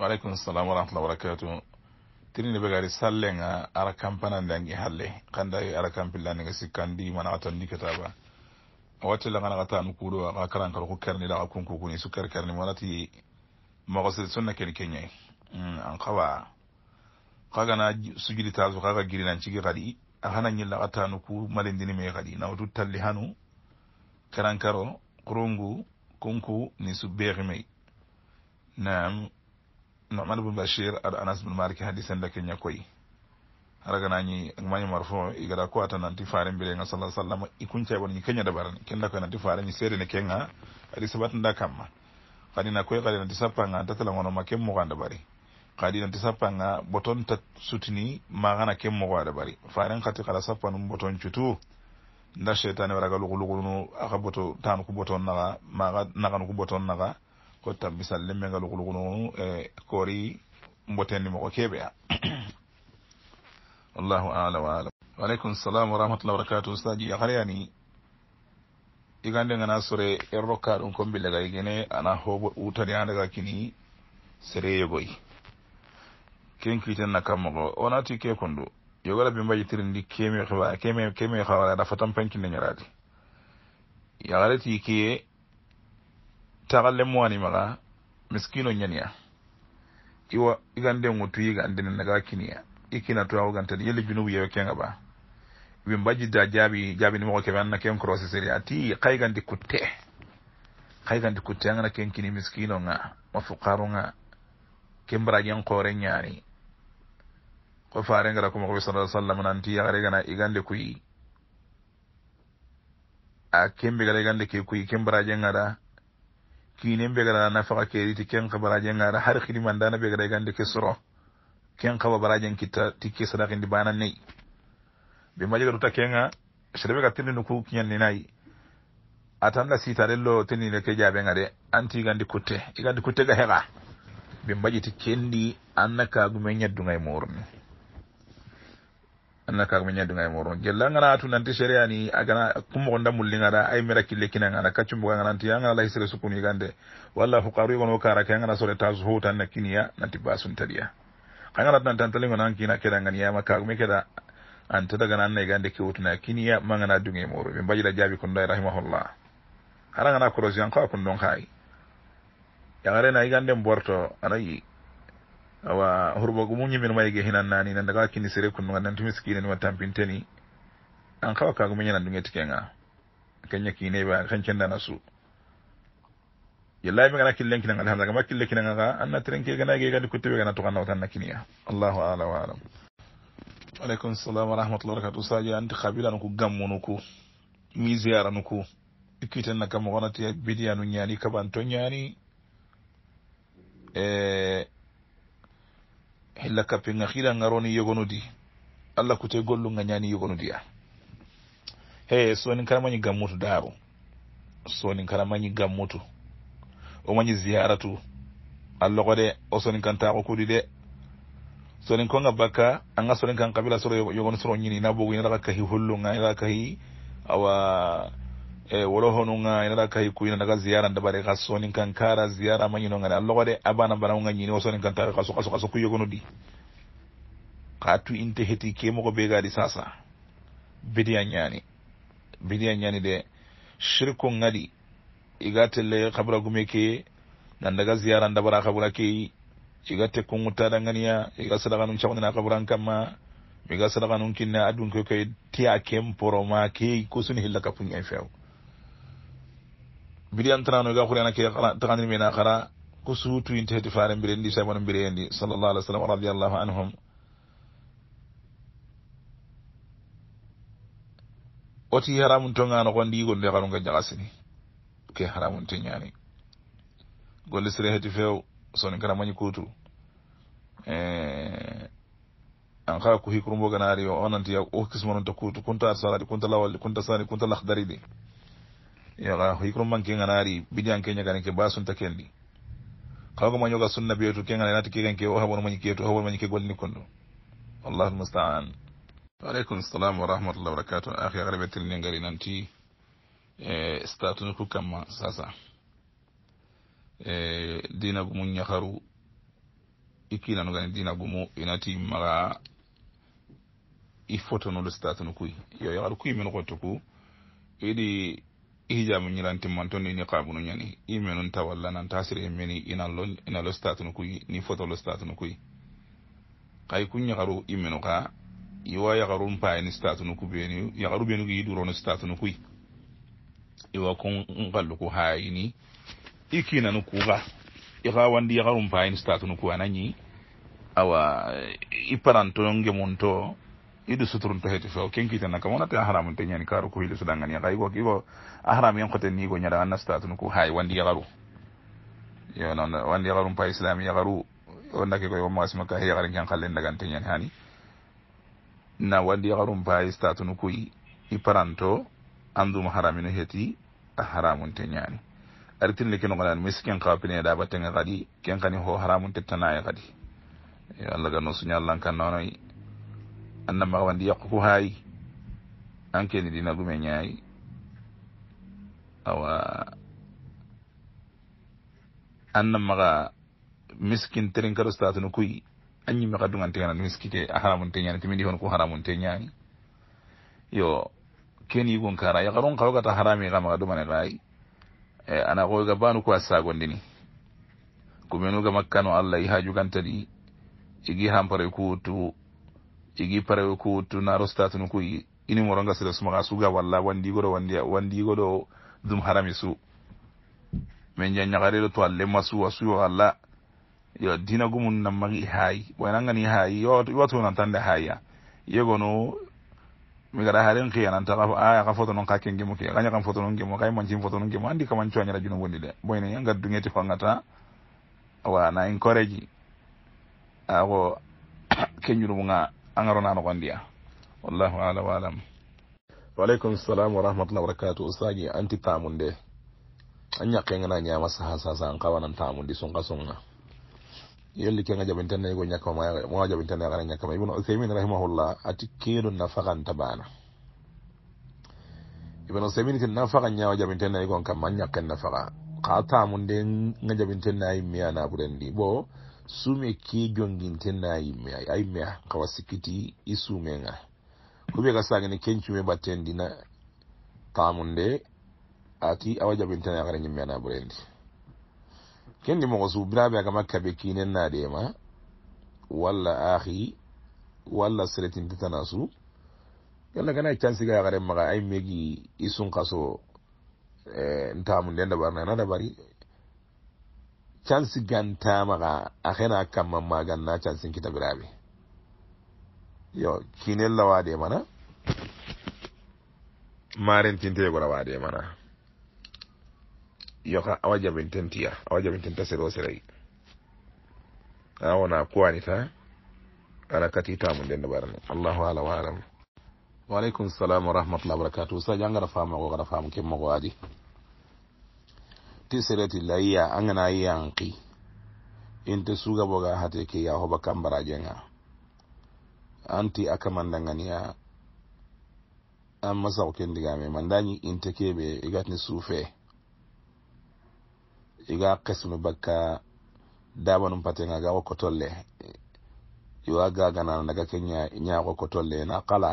waaleykum salam warahmatullah wabarakatu tirini ɓegaari sallenga ara campananndiangi halle kannda e ara campillaniga sikkandi manaxatanndi kataba wattelangana xa tanu kuuɗo axa karankaro ku kerniɗa xa kunkukuni sukkar kerni wonati moxo se sonna ken keñay hmm, an xawa xagana sujudi taso xaga girinan cigi xaɗi axana ñilla xa tanu ku malindini me xaɗi nawatu talli hanu karankaro kurungu kunku ni su ɓeeximey nam nomane bou bachir ada anas bun malik hadise ndeke ñakoy araganañi mañomar fo i gada ko atananti fare mbirenga sala sallam i kuncaybon ñi keña dabarani ken ndakoy nanti fare ñi seedene kenga adi sabat nda kamma xadina koy xadi nanti sappanga datalangono ma ken moxa ndabari xadi nanti sappanga boton ta sutini maxana ken moxoa dabari faren xati xara sappanu boton cutu nda chetane waraga luxuluxulunu axa boto tanu ku boton naxa maxa naxanu ku boton naxa ko tabbisal le mengal wuklugunoo e koori mboteni moko keɓe a wallahu ala wa alam waaleykum salam wa rahmatullah wabarakatu saji akaryani igande ngana sore erroka ɗum ko mbillega i gene ana hoɓo utani andaga kini sere yogoy kenkiten na kammogo wonati kekondu yogola be mbajitiri ndi keme keme keme hawara dafa tan pankinde ñarade yakareti kiye tagalle moani maga miskino ñaniya iwa igande ngutu yiga andene naga kiniya ikina to awu gantani yele junubu yewe kenga ba wi mbaji da jabi jabi ni mo ke banna ken cross seri ati kay gandi kutte kay gandi kutte ngana ken kini miskino nga mafuqaru nga kembra yan kore nyani ko faare ngara kuma ko sallallahu alaihi wasallam nanti ya gare gana igande kuyi a kembe gare gande ke kuyi kembra jengara kinin begara na faka keri ti ken khabara jen ngara har khini mandana begara igan de kisro ken khaba bara jen kita ti kisra kindi bana nei be maji ga tutake nga shirbe ga tinni nuku kinyan ni nai atanda si tarello tinni le keja be ngare anti igan de kutte igan de kutte ga hega be maji ti kendi annaka gumenya dungai morni annaka mi ñaddu ngay moron gella ngana tu nanti sharia ni agana kumo nda mulli ngada ay mira kille kina ngana kaccu mbuga ngana tiya ngana lay sere sukuni gande walla fu qaru yono kara ke ngana sore taz hu tan nakini ya nanti basun tadiya kangana tan tan tali ngana kina keda ngani ya makka mi keda anta daga nan ne gande ke wutuna kini ya mangana du ngay moro be bajira jabi kon dai rahimahullah kala ngana ko rozi an ko kun don kai ya ngare na igande mborto anayi awa horbogo muñimin mayge hinan nani nan daga kini sereku nu gandan tumis kine nima tampinteni an kawa kago meña nan dunge tikenga kenña kineɓa kencendana su yallahi megana killenkinaga ha daga ma kille kinagaga anna trenke ganage gandi kuttiɓe gana to gannawa tan na kiniya allahu ala wa alam waleykum salam warahmatullah wabarakatu saji anti kabila nuku gammu nuku misiara nuku ikkiten na gammo gonati bidiya nu ñani kaban to ñani e eh, hilla kappe nga roni ngaroni yogonudi allah kute gollu nga ñani yogonudiya he sonin kara mañi gammutu daaro sonin kara mañi gammutu o mañi ziyaratu allah ko de o sonin kan taako kudi de sonin konga bakka anga sonin kan kabila soro yogonu soro ñini na bogu ina raka kahi nga ina raka kahi awa e wolo honunga inaɗa kahi kuyina daga ziyara ndabare xa sonin kan kara ziyara mañinongane a loxode a bana baranonga ñini wo sonin kan taxe xasu xasu xasu ku yogonu di xa tu in te xeti ke moxo ɓe gadi sasa bidiya ñani bidiya ñani de sirkongadi iga telle xabra gume ke nandaga ziyara ndabara xabura key iga tekkungu tadanganiya iga saɗaxanun caxundina xaburan kamma iga saɗaxanun kinne a dunkoy koy tiya kem poroma key kusuni xilla kapuñe few mbiɗi antanano ga xuri anake taxandir mena xara ko suutuyinte heti fare mbire ndi saymono mbire ndi sal allah alih w sallam radiallahu anhum oti haramun tongano xon ndigon nde xarunga jaxasini ke haramun te ñani golle sere heti few soni kara mañi kuutu eh, an xa ku xikurumbo ganari o onanti o kismanonta kuutu kunta arsaradi kunta lawaldi kunta sani kunta laxdaridi yala hikrum man ke nganari bidian ke nyagani ke basun ta kendi kaga mo nyoga sunna be to ke ngana nati ke ke o habon ma nyike to habon ma nyike golni kondo Allahu musta'an alaykum assalam wa rahmatullahi wa barakatuh akhi garabetil ne ngari nanti e statu ko kama sasa e dina bu gumu nyaharu ikina no gani dina bu mu inati mara ifoto no statu no kuy yo yaru kuy men ko to ku idi hijaamu ñirante man to ni ni qaabunu ñani i menun ta walla nan ta sir emeni ina lo ina lo statunu kuy ni photo lo statunu kuy xay ku ñaxaru i menu xa iwa yaxaru mpaayeni statunu ku beeni yaxaru beenu ku yiduronu statunu kuy iwa ku nxalluku xaayini i kiinanu ku xa ixa wandi yaxaru mpaayeni statunu ku anañi awa i paranto ngemun to yiɗo sutrun to heeto fewo kenkiten naka wonate ahramu te ñani kaaru ko hile sudangani yaka yigo yigo ahram yenkoten ni go ñada anastatun ko hay wandi yakaru yo noon wandi yakarum pa islami yakaru o ndake koy omawasi makka he yakarin ken kalle ndagante ñani hani na wandi yakarum pa statunu koy i paranto anduma haramino heeti ahramun te ñani aritin le kino gonani mis ken kaa pine da batteŋe kadi ken kani ho haramun tettanaye kadi yo allah ganno suñallankannonoy annama wa ndi yakku ku haayi an keni ɗi nagume ñaayi awa annamaxa miskin terinkaro statunu kuyi a ñimi xa dungantigana miskite a haramunte ñaani timindi hon ku haramunte ñaani yo keni yigun kara yaxarun xawogata harami xamaxa dumane xaayi e ana xooyga baanu ku a sagondini kumenuga makkano allah i haajugantaɗi igi hamparay ku wuttu tigi igi parawe ku tunaro statunu ku ini moronga sira sumaga suga walla wandigoɗo wandi wandi wandigoɗo dum harami su min janñagareɗo to alle masu a suyo alla yo dina gumum nammagi haayi waynangani haayi yowatunantande haaya yegono mi gaɗa haren kiyananta aya ah, ka photo non ka kenge mo ke kaña kam photo non gemo kay mancin photo non gemo andi kaman coñara juno gondi de boyne yanga dungeti fangata awa na encourage ako kenjuɗumo ga angaronano ko ndiya wallahu ala wa alam waleykum salam warahmatullah wabarakatu usaji anti tamunde an ñakkengana ñama saha sasa an kawanan tamundi sunka sunga yolli kenga jaɓintenego ñakkamamoa jaɓintene ara ñakkama ibne usaymin rahimahullah ati kenu nafakanta bana ibne usaymin ti nafaka ñawa jaɓintenegon kamma an ñakken nafaka ka tamunde nga jaɓintenayi miyana ɓurendi bo sume ke jonginte na yimme ay ay mea kawa sikiti i sume nga kube ka sagene kencume batendi na tamunde ati awa jabintena yakare nyimme na burendi kendi mo su birabe aga makabe kine na dema wala ahi wala seretin tetana su yalla kana chance ga yakare maga ay megi isun kaso eh ntamunde nda barna na da bari charles gantamaxa a xena kamma maganna charles n kita birabe yo kine lawade mana marentinte yegora wade mana yoka awa jabintentiya awa jabintenta sero serai awona kuwanita ana katita mu ndenda barani allahu ala wa alam waaleykum salam wa rahmatullah wa barakatuh sa jangara famo ko gara famo kemmo ko adi ti sereti layya a ŋana yanki inte sugaboga hate ke yahoba kambarajeŋa anti a kamandaŋaniya an masaho kendigame mandañi inte kebe i gatini sufe i ga kesimi bakka dabanu pateŋa ga wo kotolle iwa gaganana daga keya ñaako kotolle na kala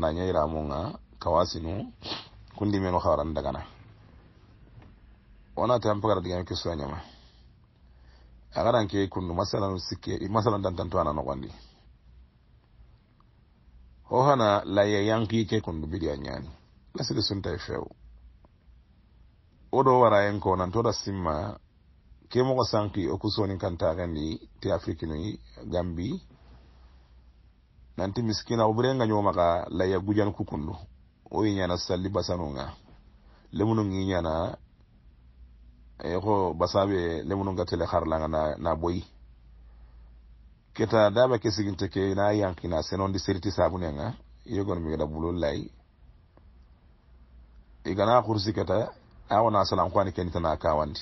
na ñayiramuŋa kawasinu kundimeno hawarani dagana wana tan mpaka digame question a nyama a garan ke masala masalan masala masalan dantanto ana nogondi ho hana laye yanki ke kundu bidi a ñani lasidi sunta e odo wo do wara en ko nan toda simma ke mogo sanki o kusoni kantaxendi ti afrique nuyi gambi nanti miskina oburenga la laya gujan kukundu o sali salli basanunga lemunungi ñana eko basaɓe lemunuga tele harlaga na, na boyi keta daba ke siginte ke na yanki na senondi seriti sabunega yegono migeda bulol lay igana e kursi keta awona salan kuani kenitana kawandi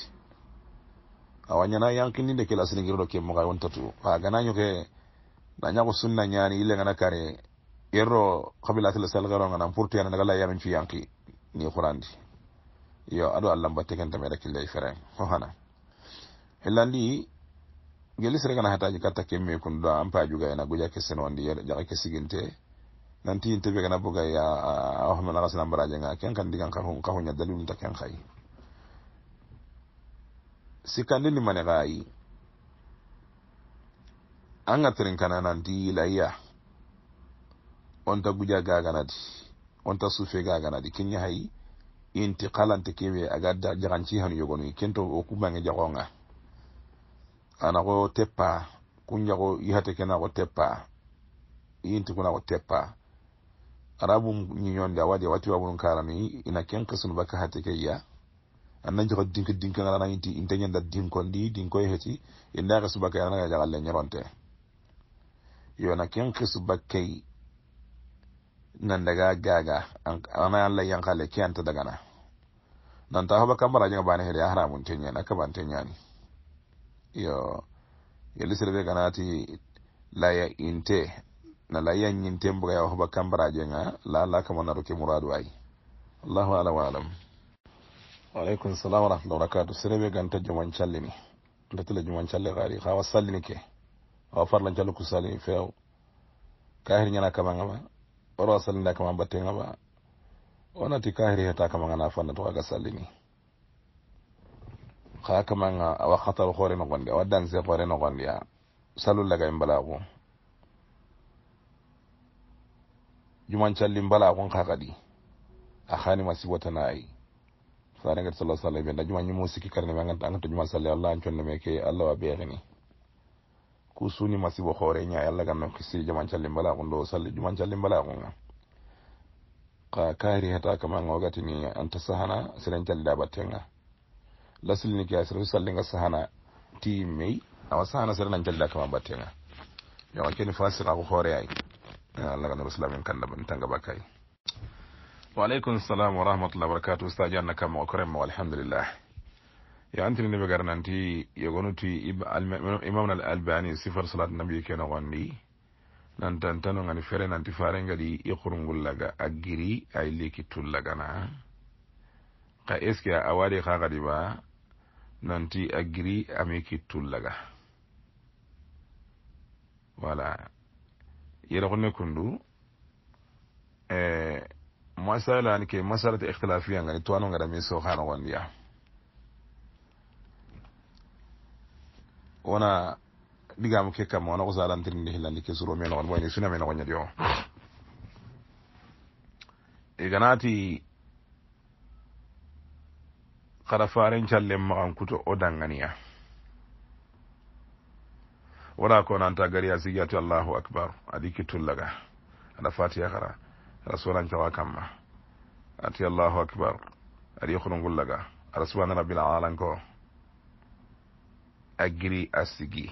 awañana yankindinde kela siligiroɗo ke moga wontatu aganañoke nañago sunna ñani ilegana kare yerro kabilatele salgaronga nan pourtuyana nagalla yamencu yanki ni kurandi yo aɗo allah mbattikenta mi rakkille e fere ho hana hillandi gelisregana hataji katta kemmi kon ɗo ampa juga ena goja kesse noondi jaqake siginte nanti yinte wegana boga ya ahmanakasi nambaraje nga ken kan ndigan ka huña dalilunta ken xay sikkandini mane xaayi an ga trin kana nanti layya onta guja gaganadi onta suufe gaganadi kinñahayi inti kalante kewe aga jaganci hanu yogonu kento okumange jagonga ana ko teppa kunjago yihate kena ko teppa inti kuna ko teppa arabu nyonde awadi wati wa bunun karami ina ken kasun baka hate ke ya anan jogo dink dink na ran inti inte nyanda din kon di din koy heti inda kasu baka ya na jagal le nyonte yo na ken kasu bakay ngandaga gaga ana alla yankale kianta dagana nan ta haba kamara nyanga bani hede haramun tenya na kaban tenya ni yo yeli serbe ganati la ya inte na la ya nyinte mbuga ya haba kamara nyanga la la kama na ruke muradu ai allahu ala wa alam wa alaikum salam wa rahmatullahi wa barakatuh serbe ganta juman challi ni ndatu la juman challi gari khawa sallini ke wa farlan challu kusallini feo kahir nyana kama ngama wara salinda kama batenga ba ona tikahiri heta kama ngana fanda to aga salini kha kama nga awa khatar khore no gondia wadan se khore no gondia salul laga imbala ko juman challi imbala ko kha kadi akhani masibota nayi farengat sallallahu alaihi wasallam da juman nyumo siki karne mangan tanga to juman sallallahu alaihi wasallam ke allah wa bi'ani ku suni masibo hore ña yalla gam non kisiri jaman calli mbalakun ɗo salli juman calli mbalakun ga ka kaari hata kama ogati ni anta sahana siren calli da batten ga lasili ni ke a sirtu salli ga sahana ti mey awa sahana sere nan calli da kama batten ga yawa keni fasira ko hore ay yalla gam rasul amin kanda ban tanga bakay wa alaikum salam wa rahmatullahi wa barakatuh ustaji anna kama okorem mo alhamdulillah yantini ni ɓe garnanti yegonuti imamna al albani sifar salat nabi ke nogondi nantantano gani fere nanti fare gadi ikurungu laga a giri ay liki tul lagana ka est ce que a awaɗi ha gadi ba nanti a giri amiki tul laga voilà yeɗogone kundu eh, masalani ke masalati ixtilafiya gani toano gada mi so ha nogondiya wona ɗigama kekkam wona ko salantiri ndi hillandi kesuro mi nogon wayni sinami nogon ñadi o eganaati kara faren callen makankuto o danganiya wala ko nanta gariya sigiyatu allahu akbar adi kittullaga aɗa fatiya kara aɗa sorancawa kamma ati allahu akbar aɗi hurungullaga aɗa subhana rabbil alamin ko agri asigi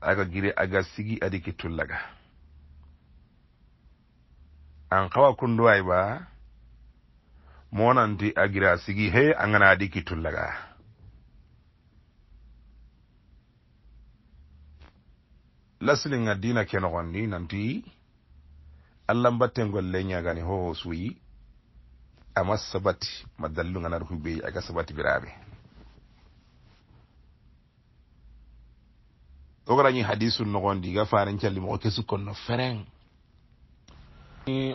aga giri aga sigi adi ki tullaga an kawa kunduwai ba monanti agri asigi he angana adi ki tullaga lasilinga dina kenogondi nanti allah mbattengol lenyagani hoho suyi ama sabat ma dallu ngana ɗo humbeyi aga sabat biraɓe ogarañi hadisu nogondi ga faren calli mogo kesu konno feren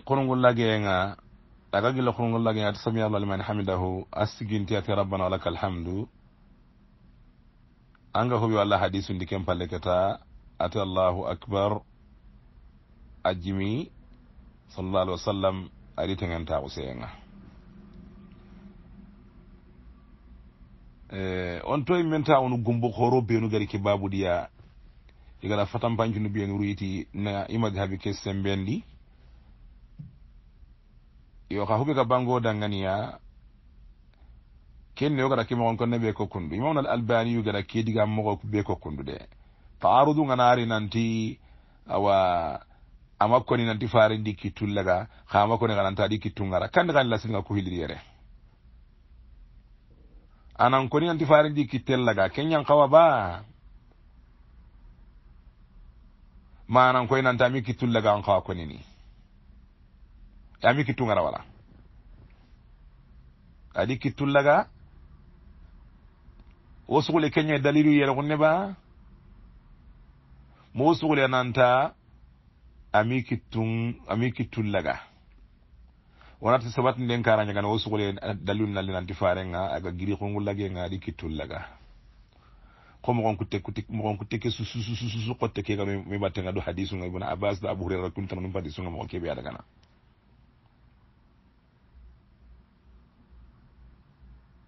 kurngullageenga aga gilla kurngullageenga ta sami allah liman hamidahu assiginti ati rabbana walaka alhamdu anga hoɓi walla hadisu ndi ken palleketa ati allahu acbar ajimi sallallah alih wa sallam aɗi tengentaku seenga Eh, on to e minta wono gumbo horo beenu gari ke baabuɗiya igala e fatampañcu no mbiyen royiti na image haaɓe kessen ɓen ɗi yo ka huɓe ka bango danganiya kenne o gara ke mogon konne ɓe kokkunɗu imamnal albaniyu gara kediga mogo ɓe kokkunduɗe ta arudu ganari nanti awa amakkoni nanti faari ndi kittullaga ha makkoni gananta ɗi kittu gara kandi gani lasiniga ko hilliri yere anan koni anti faren di kittellaga kenyan kawa ba ma anan koy nanta ami kittullaga an kawa koni ni ami kittungara wala adi kittullaga wo sugule kenño e dalilu yere kunne ba mowo sugule nanta ami kittun ami kittullaga warata sabati nden karañagana wo sugole eh, dalluni nalli nanti farenga aga giri kongu lagenga aɗi kittol laga ko mo gonko tek mo gonko tekke susususu qo tekkega mi battenga ɗo hadisu nga ibna abbas ɗo abou hurera kumtana ɗum hadisu nga mogo keeɓe yadagana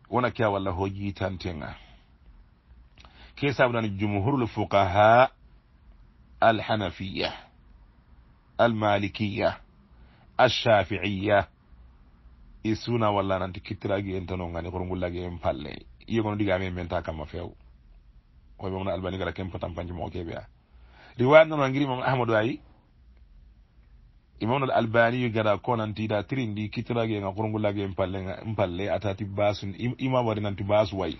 wona kea walla ho jiitantenga ke sabudani jumhurul fuqaha alhanafiya almalikiya alshafiiya al e suna walla nanti kittiragi en tan o gani koto gullagi en palle yiye gono ɗiga amin menta kamma few hoyɓe mono albani gara kempatan panji mo keɓe a riwayat nano angiri imam ahmadou ayi imamnal albani yi gara ko nanti da tirindi kittiragi ega koto gullagi en palle palle atati basu ima wari nanti basu wayi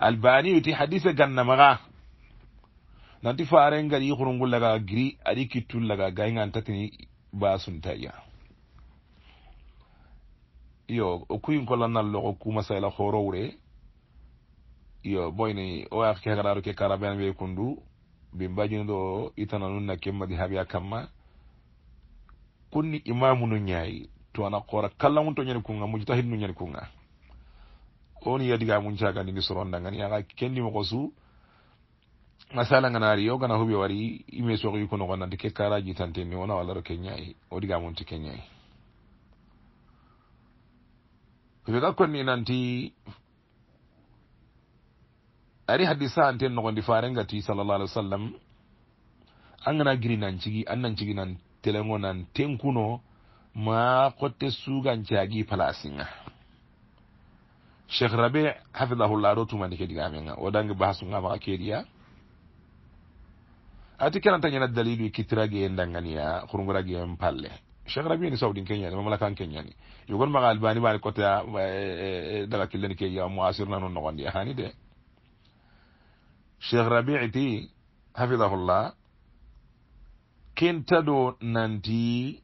albani yiti hadise gannamaga nanti faren gari koto gullaga giri aɗi kittullaga gaygan tatini basun tayya iyo o kuyin ko lannal lo ko kumasayla horowre iyo boyni o ak kehgararu ke karaben wey kundu bin mbajini ɗo itana nun na kemmadi habya kamma kunni imamu nu ñayi to ana kora kalla ŋun to ñani kunga muji tahid nu ñani kunga oni yadiga mun cagandini sorondangani aga kendi mo kosu masala nganari yo gana huɓe wari ime sokyi ko nogonnanti ke karajitanteni wona wallaro ke ñayi o diga mun ti ke ñayi fe ka konni nanti ari hadisa ante nogondi farengati salallah alih wa sallam angana giri nancigi an nancigi nan telengo nan tenkuno ma kotte sugancagi palasinga sheikh rabi hafidahullah do tumandi kedigamenga o dangi bahasunga maga kediya ati kenanta ñana dalilu kitiragueye danganiya hurguragueyen palle cheikh rabi ni sawdin keñani mamalakan keñani yogon maga albani bani cotea e, e, e, daga killeni ke yiyaw moasir nanu nogondi ahani de cheikh rabii ti hafidahullah kenta do nanti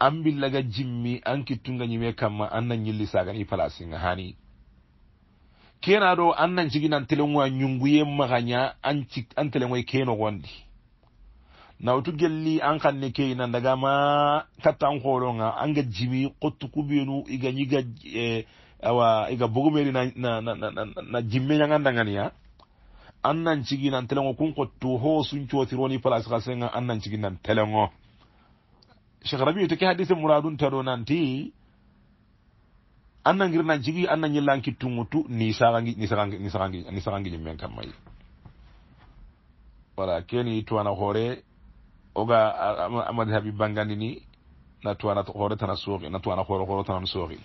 an billaga jimmi an kittunga ñime kamma an nan ñilli sagani palacin ahani kena do an nan cigi nan telenwa ñunguye maga ña an telengoy kenogondi na utu gelli an kanne katan dagama nga an ga jimi qottu kubenu iga ñiga e, awa iga bogomeri na, na, na, na, na jimme ñagandanganiya an nan cigi nan telengo kun qottu ho sun suncotironi place xa senga an nan cigi nan telengo shekh rabi to ke hadise muradun taɗo nanti an nan girna cigi an nan ñillanki tungutu ni sarangi ni sarangi ni sarangi ni sarangi jimme kan mai wala keni to tuwana hore oga amad habi bangandi ni natuwana hore tana sooxi natuwana hore horo tanan sooxi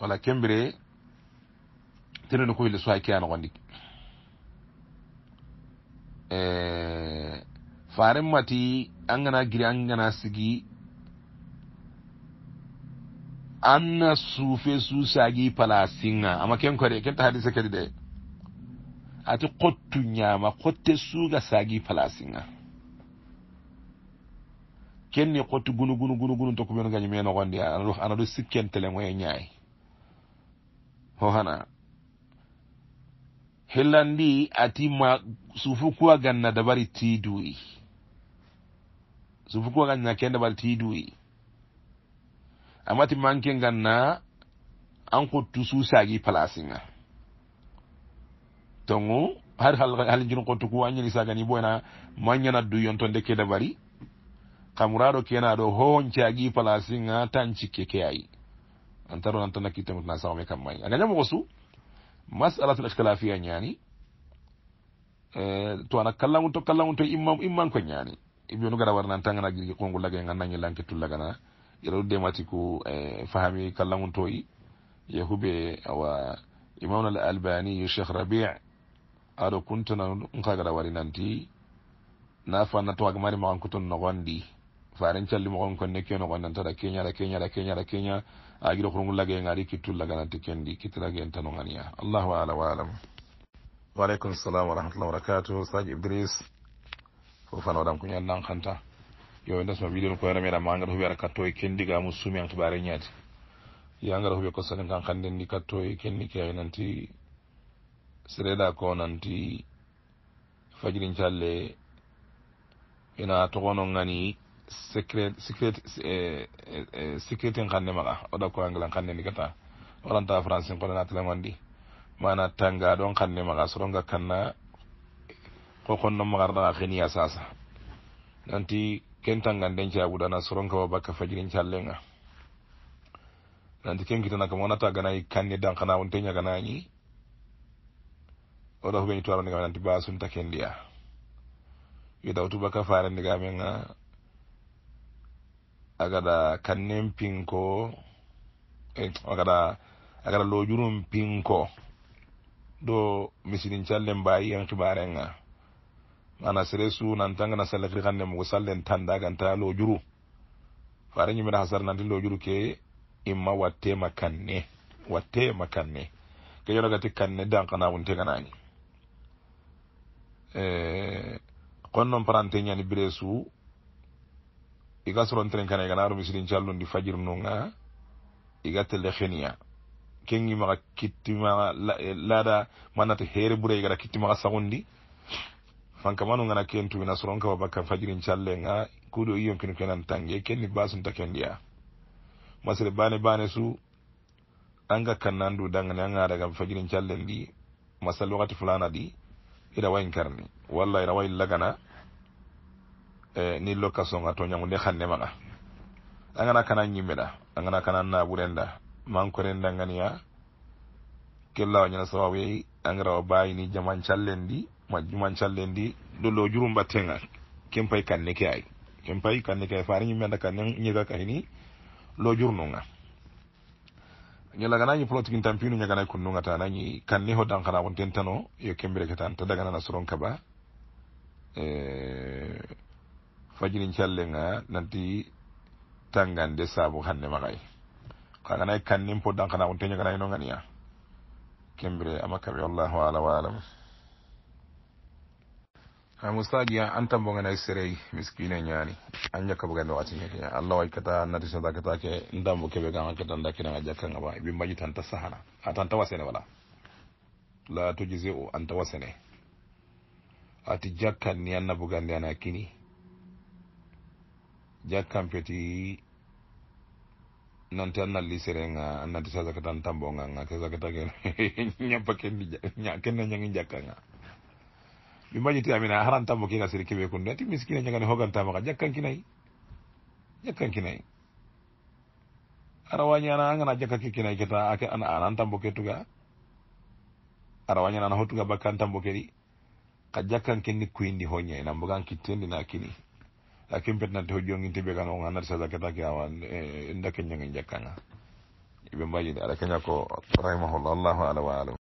wala kembire tenoni ku hille suhay keya noxondik e, faren mati an gana giri an gana sigi an na suufe suusaagi palasinga ama ken kore kenta hadise kedi de ati xottu ñama xotte suuga saagi palasinga kenni qotti gunu gunu gunu gunu tokku men gañi me nogondi anaɗo anaɗo sikkentele ngo e ñaayi ho hana hellan ndi atima sufukuwa ganna dabari tiduyi sufukuwa ganna ken dabari tiduyi amati manke ganna an kottu susagi placé ga tongu har hal halinjin qottu ku anñani sagani boyna mañanaddu yontonde ke dabari kamuraɗo kenaɗo hoñce agi placinga tancikke ke ayi antaro nantanakitamitna sawme kammayi a gañamo osu masalatul ashkala fiya ñani to ana kallagun to kallagun to imma imman ko ñani ibyonu gara war nan tangana gi kongu lagay nga nañi lanke tullagana yeraɗu dematiku e eh, fahami kallagun toyi yahuɓe awa imamna al albaniyu cheikh rabi aɗo kuntana nka gara wari nanti na fanna to agmari maganko ton nogondi faren callimoxon kon ne keno xonantata keñara keñara keñara keña agiro xurungulagengaari kittullaganati kendi kitiragentanongania allahu ala waalam waaleykum salam warahmatullah wabarakatuhu sage idris fofana waɗam kuñannan xanta yo ndasma wiɗon ko rameɗa ma ngaɗa huɓe ara katto e kendi ga mu sumi ang tubare ñaati ya ngaɗa huɓe kosani kan xanden ndi katto e kenni keexi nanti sereɗa ko nanti fajirin calle ina toxonongani Secret, secret, eh, eh, secretin kanne maga da ko anglan kanne ni kata waranta france ko na tele mandi mana tanga don kanne maga soronga kanna ko kon no maga da khiniya sasa nanti tanga den ci abudana soronga wa bakka en challenga nanti ken kitana ta wonata ganay kanne dan kana won tenya ganani oda hubeni to aronga nanti basun takendiya yida utubaka faare ndiga menga agaɗa kannen pinko e, agaɗa agaɗa lojurum pinko ɗo misidin callen mbayi en kibarenga mana sere su nantanga na sallakri kande mogo sallen tanda ganta lojuru fare ñimira hasar nanti lojuru ke imma watte makanne watte makanne ke yonogati kanne danqanawunte ganani eh, qon noon parante ñani bire su iga soronten kana igana aro misirin ndi fajir nunga iga telle khenia kengi maga kittimaga lada manata here bure kiti kittimaga sagundi manu ngana kentu ina soronka babakkan fajirin Kudo iyo kinu kenan tange kenni basunta kendiya masere bane bane su anga kanandu dangane anga daga fajirin challe di masal wakati fulana di ida wayin karni wallahi ida wayin lagana E, ni lorkasonga to ñagunde xannemaga a gana kana ñimmeɗa a gana kana naɓurenda mankorendangania kellawa ñana sababuye angarawa bayini jaman callendi ma juman callendi ɗollo jurum battega ken pay kanne ke ay ken pay kanne ke ay fare ñimmeda kane ñega kahini lo jurnuga ñalaganañi politique tampinu ñaganay kunnuga ta nañi kanne ho danxana wonten tano yo kembireketan ta daganana soron kaba e, fajiri calle nga nanti tangande saabu hannde ma kay kaganay e kannin poddan kana on teñoganayno ganiya kembre ama kaɓe wallahu ala wa alam a moussa guiya antambo ganay sereyi miskine ñaani a ñakkabo gande waati ñake allah waj kata natisada kata ke ndambo keɓe ganga keta dakkinanga jakkanga ba ɓe mbañi tanta sahana a tanta wasene wala la tojise o anta wasene ati jakkanni annabo gande ana kini jakkampeti nanti an nalli serenga nanti sasakatan tambonganga sasakatake ñappa kenna ñangi jakkanga mi mbañiti amina haran tambo kega siri keɓe kun nati miskina ñagani hogantamaxa jakkankinayi jakkankinayi arawañana angana jakka ke kinayi ake an anan tambo ke tuga na ana hotuga bakkan tambo kedi ka jakkan kenni kuyindi hoñayi nan mbogan kittendi na kini a kimpetnatte ho jongin tiɓe kan on anata sada ketake awa e, dakeñange jakkanga iɓe mbaji ara keña ko rahimahullah allahu ala wa alam